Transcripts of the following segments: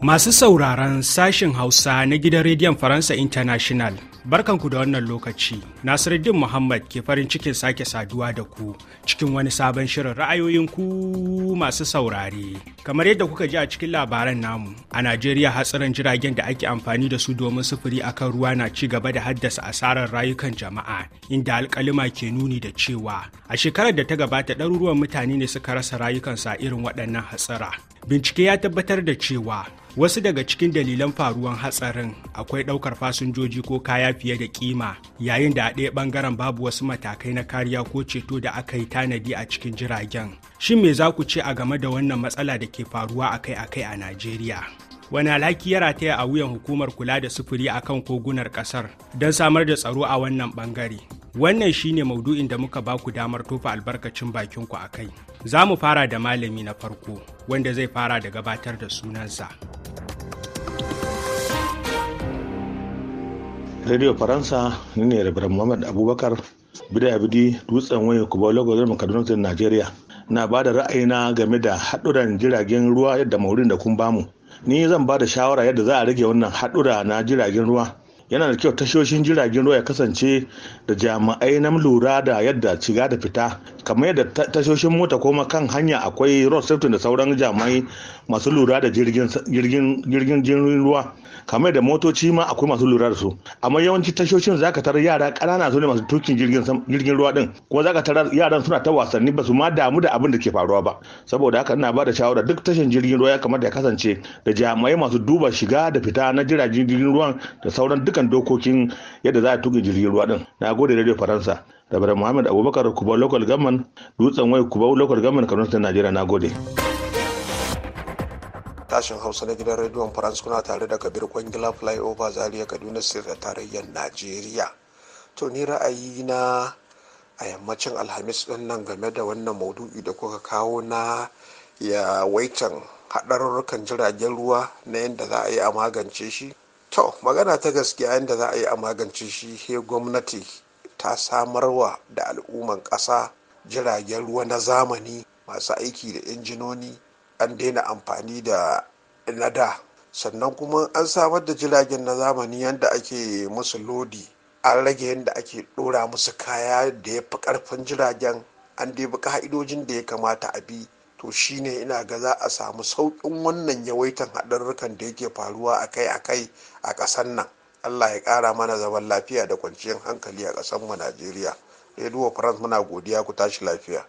Masu sauraron sashin Hausa na gidan Rediyon Faransa International. barkanku da wannan lokaci. Nasiruddin Muhammad ke farin cikin sake saduwa da ku cikin wani sabon shirin ra'ayoyin ku masu saurare. Kamar yadda kuka ji a cikin labaran namu, a Najeriya hatsarin jiragen da ake amfani da su domin sufuri akan ruwa na ci gaba da haddasa asarar rayukan jama'a, inda alkalima ke nuni da cewa a shekarar da ta gabata ɗaruruwan mutane ne suka rasa rayukansu a irin waɗannan hatsara. Bincike ya tabbatar da cewa wasu daga cikin dalilan faruwan hatsarin akwai ɗaukar fasinjoji ko kaya fiye da kima yayin da a ɗaya ɓangaren babu wasu matakai na kariya ko ceto da aka yi tanadi a cikin jiragen shin me za ku ce a game da wannan matsala da ke faruwa akai-akai a najeriya wani alhaki ya rataya a wuyan hukumar kula da sufuri a kan kogunar kasar don samar da tsaro a wannan bangare wannan shine maudu'in da muka ba ku damar tofa albarkacin bakin ku akai kai za mu fara da malami na farko wanda zai fara da gabatar da sunansa radio faransa ni ne muhammad abubakar bidaya bidi dutsen waya kuma lagos da kaduna ta najeriya na ba da ra'ayina game da haɗuran jiragen ruwa yadda maurin da kun bamu ni zan ba da shawara yadda za a rage wannan haɗura na jiragen ruwa yana da kyau tashoshin jiragen ruwa ya kasance da jami'ai na lura da yadda shiga da fita kamar yadda tashoshin mota ko kan hanya akwai road safety da sauran jami'ai masu lura da jirgin jirgin ruwa kamar da motoci ma akwai masu lura da su amma yawanci tashoshin za ka tarar yara ƙanana su ne masu tukin jirgin ruwa din kuma ka tarar yaran suna ta wasanni ba su ma damu da abin da ke faruwa ba saboda haka ina ba da shawara duk tashin jirgin ruwa ya kamata ya kasance da jami'ai masu duba shiga da fita na jiragen jirgin ruwan da sauran dukkan dokokin yadda za a tuki jirgin ruwa din na gode da faransa da rabar muhammad abubakar kubau local government dutsen wai kubau local government kano state nigeria na gode. tashin hausa na gidan rediyon france kuna tare da kabir kwangila flyover zaria kaduna state da tarayyar najeriya to ni ra'ayi na a yammacin alhamis din nan game da wannan maudu'i da kuka kawo na ya waitan haɗarurrukan jiragen ruwa na yadda za a yi a magance shi to magana ta gaskiya yadda za a yi a magance shi he gwamnati ta samarwa da al'umman ƙasa jiragen ruwa na zamani masu aiki da injinoni an daina amfani da na da sannan kuma an samar da jiragen na zamani yadda ake musu lodi an rage yadda ake ɗora musu kaya da ya fi ƙarfin jiragen an dai ka'idojin da ya kamata a bi to shine ina ga za a samu saukin wannan yawaitan haɗarrukan da yake faruwa akai-akai a ƙasar nan allah ya ƙara mana zaman lafiya da kwanciyar hankali a ƙasar mu najeriya rediyo france muna godiya ku tashi lafiya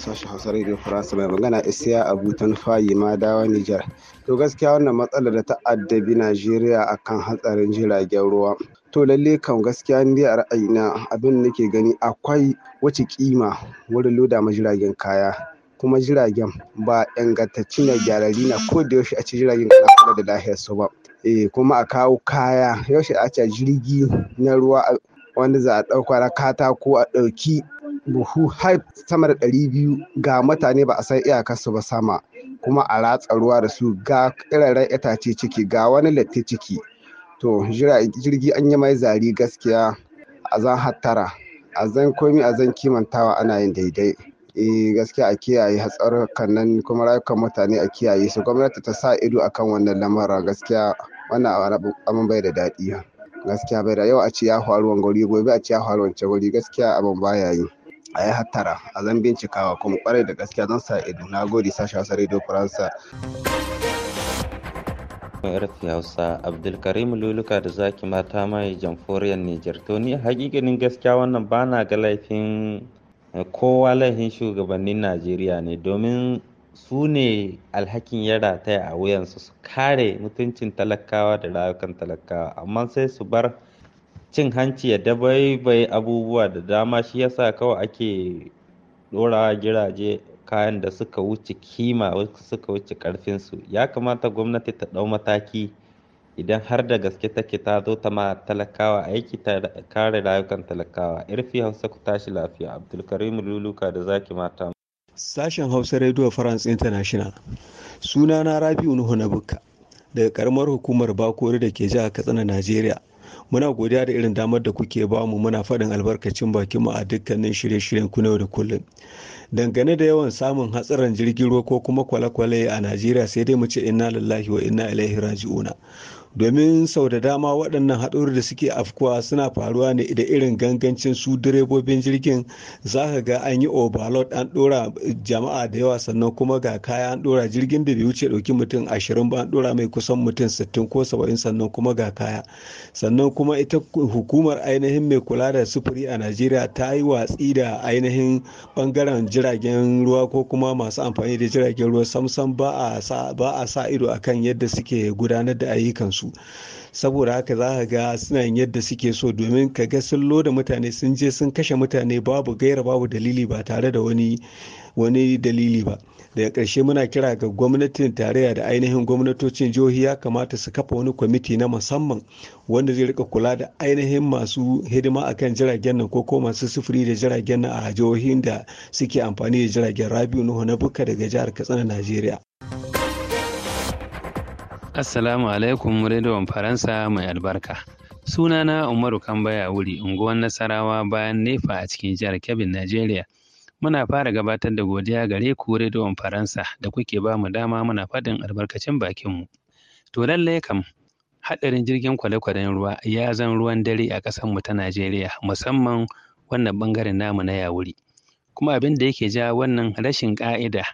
sashen hausa radio faransa mai magana isiya abutan fayi ma dawa nijar to gaskiya wannan matsalar da ta addabi najeriya akan hatsarin jiragen ruwa to lalle kan gaskiya ni a ra'ayina abin da nake gani akwai wace kima wurin loda ma jiragen kaya kuma jiragen ba ingantacci na gyararri na ko da yaushe a ce jiragen kana kula da lahiyar su ba eh kuma a kawo kaya yaushe a ce jirgi na ruwa wanda za a ɗauka na katako a ɗauki buhu har sama da ɗari biyu ga mutane ba a san iyakarsu ba sama kuma a ratsa ruwa da su ga ƙirarren itace ciki ga wani latte ciki to jirgi an yi mai zari gaskiya a zan hattara a zan komi a zan kimantawa ana yin daidai e gaskiya a kiyaye hatsar kannan, kuma rayukan mutane a kiyaye su gwamnati ta sa ido akan wannan lamarin gaskiya wannan abin bai da daɗi gaskiya bai da yau a ce ya faru wani gobe a ce ya faru wancan gaskiya abin baya yi a yi hattara a zan bincikawa kuma kwarai da gaskiya zan sa ido na gode sashi wasu radio faransa rfi hausa abdulkarim luluka da zaki mata mai jamforiyar nijar to ni hakikanin gaskiya wannan ba na ga laifin eh, kowa laifin shugabannin najeriya ne domin su ne alhakin ya rataya a wuyansu su kare mutuncin talakawa da rayukan talakawa amma sai su bar cin hanci ya dabaibaye abubuwa da dama shi yasa kawai ake dorawa giraje kayan da suka wuce kima suka wuce karfinsu ya kamata gwamnati ta dau mataki idan har da gaske take ta zo ta ma talakawa aiki ta kare rayukan talakawa irfi hausa ku tashi lafiya abdulkarim luluka da zaki mata sashen hausa radio france international suna na rabi'u nuhu na bukka daga karamar hukumar bakori da ke jihar katsina najeriya muna godiya da irin damar da kuke bamu muna faɗin albarkacin bakinmu a dukkanin shirye-shiryen ku da kullum dangane da yawan samun hatsarin jirgin ruwa ko kuma kwale-kwale a najeriya sai dai mu ce inna lillahi wa inna ilaihi raji'una domin sau da dama waɗannan haɗurri da suke afkuwa suna faruwa ne da irin gangancin su direbobin jirgin za ka ga an yi overload an ɗora jama'a da yawa sannan kuma ga kaya an ɗora jirgin da bai wuce ɗauki mutum ashirin ba an ɗora mai kusan mutum sittin ko saba'in sannan kuma ga kaya sannan kuma ita hukumar ainihin mai kula da sufuri a najeriya ta yi watsi da ainihin bangaren jiragen ruwa ko kuma masu amfani da jiragen ruwa samsam ba a sa ido akan yadda suke gudanar da ayyukansu su saboda haka za ka ga suna yin yadda suke so domin ka ga sun loda mutane sun je sun kashe mutane babu gaira babu dalili ba tare da wani dalili ba daga ƙarshe muna kira ga gwamnatin tarayya da ainihin gwamnatocin jihohi ya kamata su kafa wani kwamiti na musamman wanda zai rika kula da ainihin masu hidima akan jiragen nan ko ko masu sufuri da jiragen nan a jihohin da suke amfani da jiragen rabiu nuhu na buka daga jihar katsina najeriya Assalamu alaikum rediyon Faransa mai albarka. Sunana Umaru Kambaya wuri unguwar Nasarawa bayan Nefa a cikin jihar Kebbi, Najeriya. Muna fara gabatar da godiya gare ku rediyon Faransa da kuke ba mu dama muna faɗin albarkacin bakinmu. To lallai kam haɗarin jirgin kwale-kwalen ruwa ya zan ruwan dare a ƙasarmu ta Najeriya musamman wannan ɓangaren namu na Yawuri. Kuma abin da yake ja wannan rashin ƙa'ida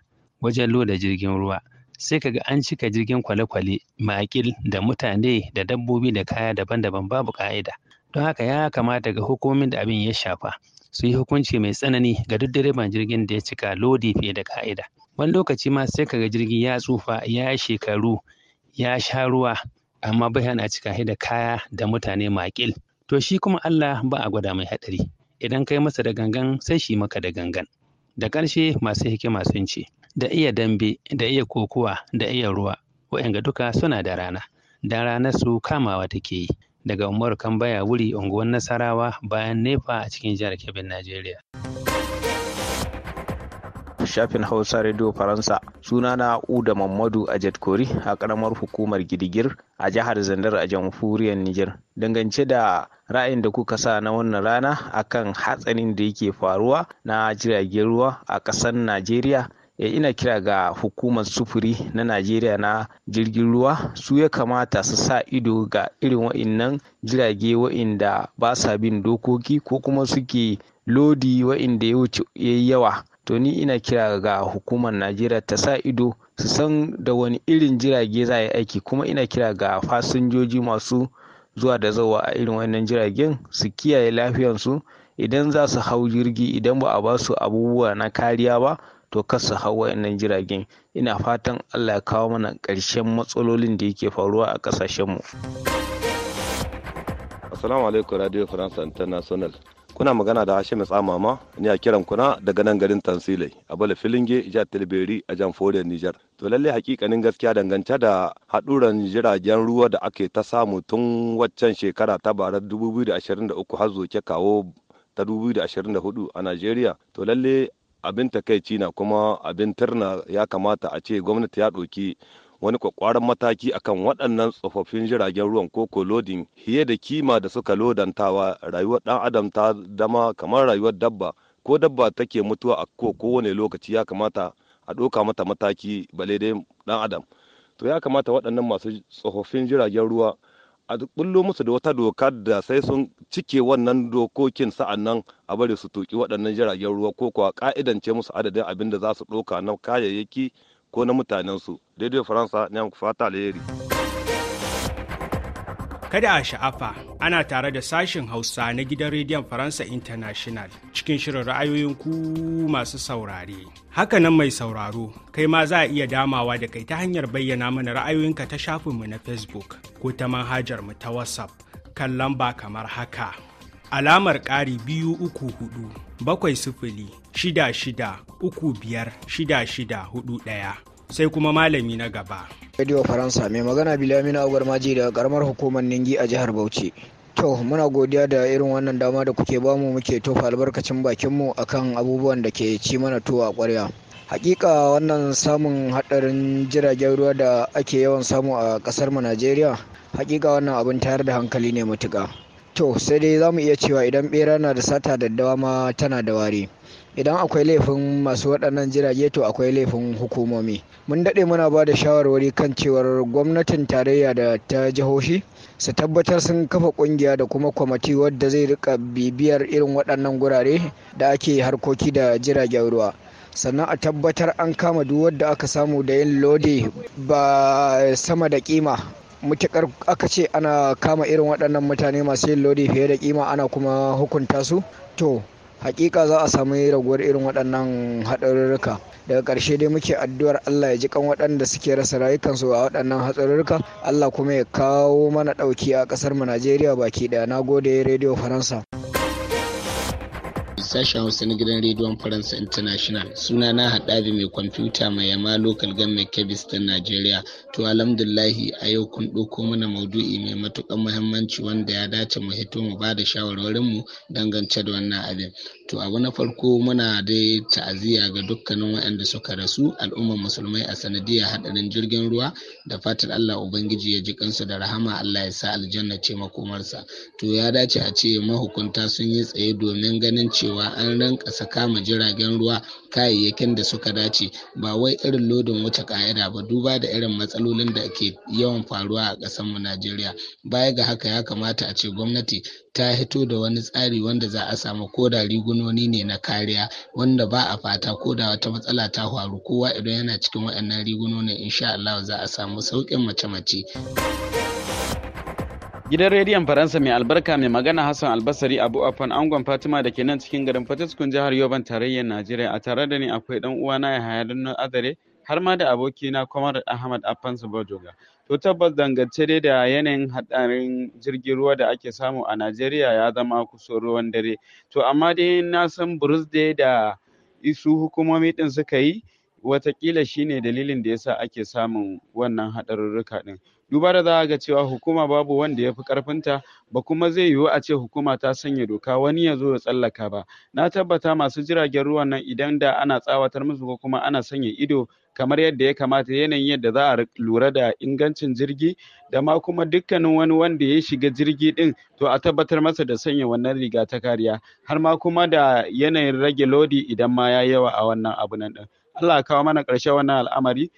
wajen loda jirgin ruwa. sai ka ga an cika jirgin kwale-kwale makil da mutane da dabbobi da kaya daban-daban babu ka'ida don haka ya kamata ga hukumomin da abin ya shafa su yi hukunci mai tsanani ga duk direban jirgin da ya cika lodi fiye da ka'ida wani lokaci ma sai ka ga jirgi ya tsufa ya shekaru ya sha ruwa amma bai hana cika da kaya da mutane makil to shi kuma Allah ba a gwada mai hadari idan kai masa da gangan sai shi maka da gangan da ƙarshe masu hikima sun ce da iya dambe da iya kokuwa da iya ruwa waɗanda duka suna da rana da rana su kamawa take yi daga umaru kambaya wuri unguwar nasarawa bayan nefa a cikin jihar kebbi najeriya shafin hausa radio faransa suna na uda mamadu a jadkori a karamar hukumar gidigir a jihar zandar a jamhuriyar niger dangance da ra'ayin da kuka sa na wannan rana akan hatsarin da yake faruwa na jiragen ruwa a ƙasar najeriya Eh, ina kira ga hukumar sufuri na najeriya na jirgin ruwa su ya kamata su sa ido ga irin wa'innan jirage wa'inda ba sa bin dokoki ko kuma suke lodi wa'inda ya wuce yawa to ni ina kira ga hukumar najeriya ta sa ido su san da wani irin jirage za a aiki kuma ina kira ga fasinjoji masu zuwa da zawa a irin wannan jiragen su kiyaye lafiyarsu idan za su hau jirgi idan ba a ba su abubuwa na kariya ba to kar su hau wayannan jiragen ina fatan allah ya kawo mana ƙarshen matsalolin da yake faruwa a mu assalamu alaikum radio france international kuna magana da hashim tsamama ni a kiran kuna daga nan garin tansilai a bala filinge jihar tilberi a jamforiyar niger to lalle hakikanin gaskiya dangance da haɗuran jiragen ruwa da ake ta samu tun waccan shekara ta barar 2023 har zoke kawo ta 2024 a Najeriya to lalle abin takaici na kuma abin turna ya kamata a ce gwamnati ya ɗauki wani kwakwaran mataki akan waɗannan tsofaffin jiragen ruwan koko lodin fiye da kima da suka lodantawa rayuwar ɗan adam ta dama kamar rayuwar dabba ko dabba take mutuwa a kowane lokaci ya kamata a ɗauka mata mataki bale dai ɗan adam to ya kamata waɗannan masu tsofaffin jiragen ruwa a bullo musu da wata doka da sai sun cike wannan dokokin nan a bari su tuki waɗannan jiragen ruwa ko kuwa ka'idance musu adadin abin da za su ɗauka na kayayyaki ko na mutanensu daidai faransa ne fata alheri kada a sha'afa ana tare da sashen hausa na gidan rediyon faransa international cikin shirin ra'ayoyin ku masu saurare hakanan mai sauraro kai ma za a iya damawa da kai ta hanyar bayyana mana ra'ayoyinka ta shafinmu na facebook ko ta manhajar mu ta whatsapp kan lamba kamar haka. Alamar ƙari biyu uku hudu, bakwai sifili, shida shida, uku biyar, shida shida hudu ɗaya. Sai kuma malami na gaba. Radio Faransa mai magana Bilamina Agwar Maji daga karamar hukumar Ningi a jihar Bauchi. To muna godiya da irin wannan dama da kuke bamu muke tofa albarkacin bakinmu akan abubuwan da ke ci mana tuwa a ƙwarya. hakika wannan samun hadarin jiragen ruwa da ake yawan samu a kasar mu najeriya hakika wannan abin tayar da hankali ne matuka to sai dai za mu iya cewa idan bera na da sata daddawa ma tana da wari idan akwai laifin masu waɗannan jirage to akwai laifin hukumomi mun daɗe muna ba da shawarwari kan cewar gwamnatin tarayya da ta jihohi su tabbatar sun kafa ƙungiya da kuma kwamiti wadda zai rika bibiyar irin waɗannan gurare da ake harkoki da jiragen ruwa sannan a tabbatar an kama duk wadda aka samu da yin lode ba sama da kima mutukar aka ce ana kama irin waɗannan mutane masu yin lodi fiye da kima ana kuma hukunta su to hakika za a samu raguwar irin waɗannan haɗarurruka daga ƙarshe dai muke addu'ar allah ya ji kan waɗanda suke rasa rayukansu a waɗannan haɗarurruka allah kuma ya kawo mana ɗauki a ƙasar mu najeriya baki ɗaya na gode rediyo faransa sashen Hausa na gidan rediyon Faransa International. Suna na haɗabi mai kwamfuta mai yama lokal government kebis ta nigeria To alhamdulahi a yau kun ɗauko mana maudu'i mai matuƙar muhimmanci wanda ya dace mu hito mu ba da shawarwarinmu dangance da wannan abin. To abu na farko muna dai ta'aziyya ga dukkanin waɗanda suka rasu al'ummar musulmai a sanadiyar haɗarin jirgin ruwa da fatar Allah Ubangiji ya ji kansu da rahama Allah ya sa aljanna ce makomarsa. To ya dace a ce mahukunta sun yi tsaye domin ganin cewa cewa an ranka saka ma jiragen ruwa kayayyakin da suka dace ba wai irin lodin wuce ka'ida ba duba da irin matsalolin da ke yawan faruwa a mu najeriya baya ga haka ya kamata a ce gwamnati ta hito da wani tsari wanda za a samu koda rigunoni ne na kariya wanda ba a fata koda wata matsala ta faru kowa idan yana cikin waɗannan rigunoni insha Allah za a samu sauƙin mace-mace. Gidan rediyon Faransa mai albarka mai magana Hassan Albasari Abu Afan Angon Fatima da ke nan cikin garin Fatiskun jihar Yoban tarayyar Najeriya a tare da ni akwai dan uwana Yahaya na Azare har ma da abokina Kwamar Ahmad Afan Bajoga. To tabbas dangance dai da yanayin hadarin jirgin ruwa da ake samu a Najeriya ya zama kusa ruwan dare. To amma dai na san burus dai da isu hukumomi ɗin suka yi watakila shine dalilin da yasa ake samun wannan haɗarurruka din duba da za ga cewa hukuma babu wanda ya fi karfinta ba kuma zai yiwu a ce hukuma ta sanya doka wani ya zo ya tsallaka ba na tabbata masu jiragen ruwan nan idan da ana tsawatar musu ko kuma ana sanya ido kamar yadda ya kamata yanayin yadda za a lura da ingancin jirgi da ma kuma dukkanin wani wanda ya shiga jirgi din to a tabbatar masa da sanya wannan riga ta kariya har ma kuma da yanayin rage lodi idan ma ya yawa a wannan abu nan din Allah kawo mana ƙarshe wannan al'amari.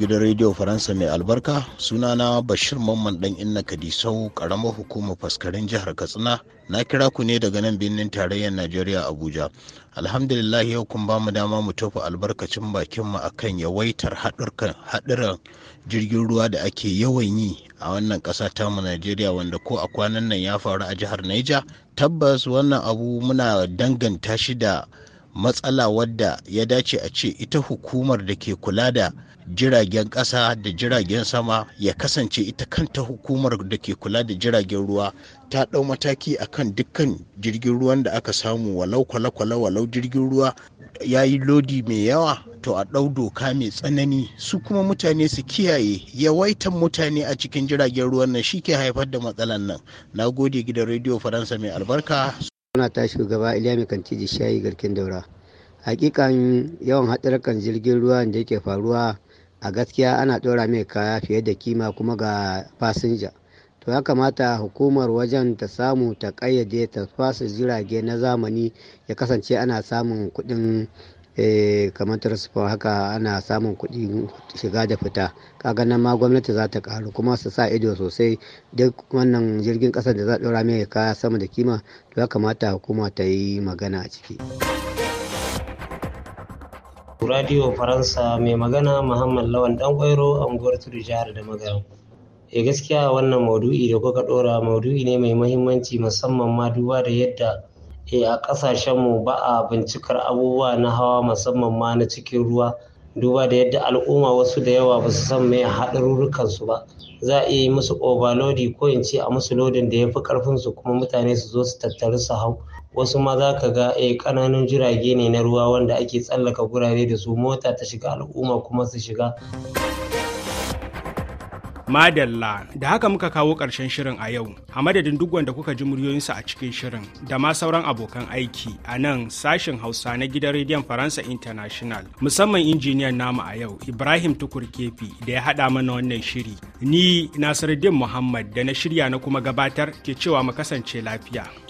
gidan rediyo faransa mai albarka sunana bashir mamman dan inna kadisau karamar hukumar faskarin jihar katsina na kira ku ne daga nan birnin tarayyar najeriya abuja alhamdulillah yau kun ba mu dama mu tofa albarkacin bakin mu akan yawaitar haɗuran jirgin ruwa da ake yawan yi a wannan ƙasa mu najeriya wanda ko a kwanan nan ya faru a jihar naija tabbas wannan abu muna danganta shi da matsala wadda ya dace a ce ita hukumar da ke kula da jiragen ƙasa da jiragen sama ya kasance ita kanta hukumar da ke kula da jiragen ruwa ta ɗau mataki akan dukkan jirgin ruwan da aka samu walau kwale-kwale walau jirgin ruwa ya yi lodi mai yawa to a ɗau doka mai tsanani su kuma mutane su kiyaye yawaitan mutane a cikin jiragen ruwan nan shi ke haifar da matsalan nan na gode gidan rediyo faransa mai albarka suna ta shugaba iliya mai kanti shayi garkin daura hakikan yawan hatsarakan jirgin ruwa da yake faruwa a gaskiya ana ɗora mai kaya fiye da kima kuma ga fasinja to ya kamata hukumar wajen ta samu ta ƙayyade ta fasa jirage na zamani ya kasance ana samun kuɗin eh, kamar haka ana samun kuɗi shiga da fita kaga nan ma gwamnati za ta karu kuma su sa ido sosai duk wannan jirgin ƙasar da za a ɗora mai kaya sama da kima to ya kamata hukuma ta yi magana a ciki. Radio Faransa mai magana Muhammad Lawan Dan Kwairo unguwar Tudu jihar da Magana. E eh, gaskiya wannan maudu'i da kuka ɗora maudu'i ne mai mahimmanci musamman ma duba da yadda e a ƙasashenmu ba a bincikar abubuwa na hawa musamman ma na cikin ruwa duba da yadda al'umma wasu da yawa ba su san mai haɗarurrukansu ba za a iya yi musu overloading ko in ce a musu lodin da ya fi su kuma mutane su zo su tattaru su hau wasu ma za ka ga eh ƙananun jirage ne na ruwa wanda ake tsallaka gurare da su mota ta shiga al'umma kuma su shiga Madalla da haka muka kawo ƙarshen shirin a yau, a madadin duk wanda kuka ji muryoyinsu a cikin shirin da ma sauran abokan aiki a nan sashen Hausa na gidan rediyon Faransa International, musamman injiniyan namu a yau Ibrahim Tukur Kefi da ya haɗa mana wannan shiri. Ni Nasiruddin Muhammad da na shirya na kuma gabatar ke cewa mu kasance lafiya.